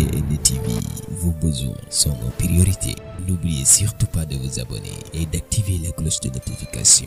et des TV, vos besoins sont nos priorités. N'oubliez surtout pas de vous abonner et d'activer la cloche de notification.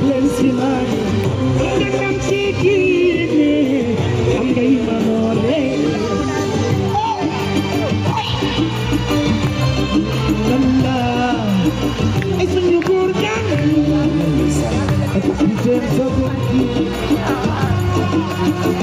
It's so good.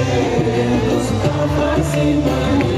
Deus, papai, se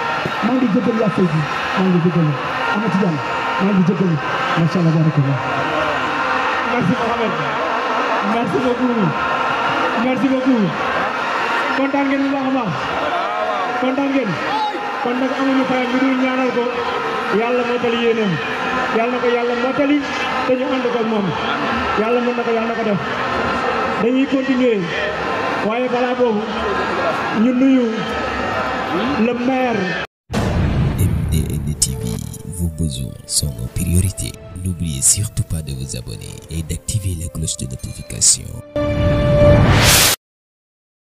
maa ngi jégalu waa Faye bi maa ngi jégalu Amady Diagne maa ngi jégalu macha allah barakallah. merci Mohamed merci beaucoup merci beaucoup kontaan ngeen bu baax a baax kontaan ngeen kon nag amuñu fayam bi dul ñaanal ko yàlla mottali yéeneem yàlla na ko yàlla mottali te ñu ànd ko moom yàlla mën na ko yàlla ko def dañuy continuer waaye balaa boobu ñu nuyu le Les TV, vos besoins sont nos priorités. N'oubliez surtout pas de vous abonner et d'activer la cloche de notification.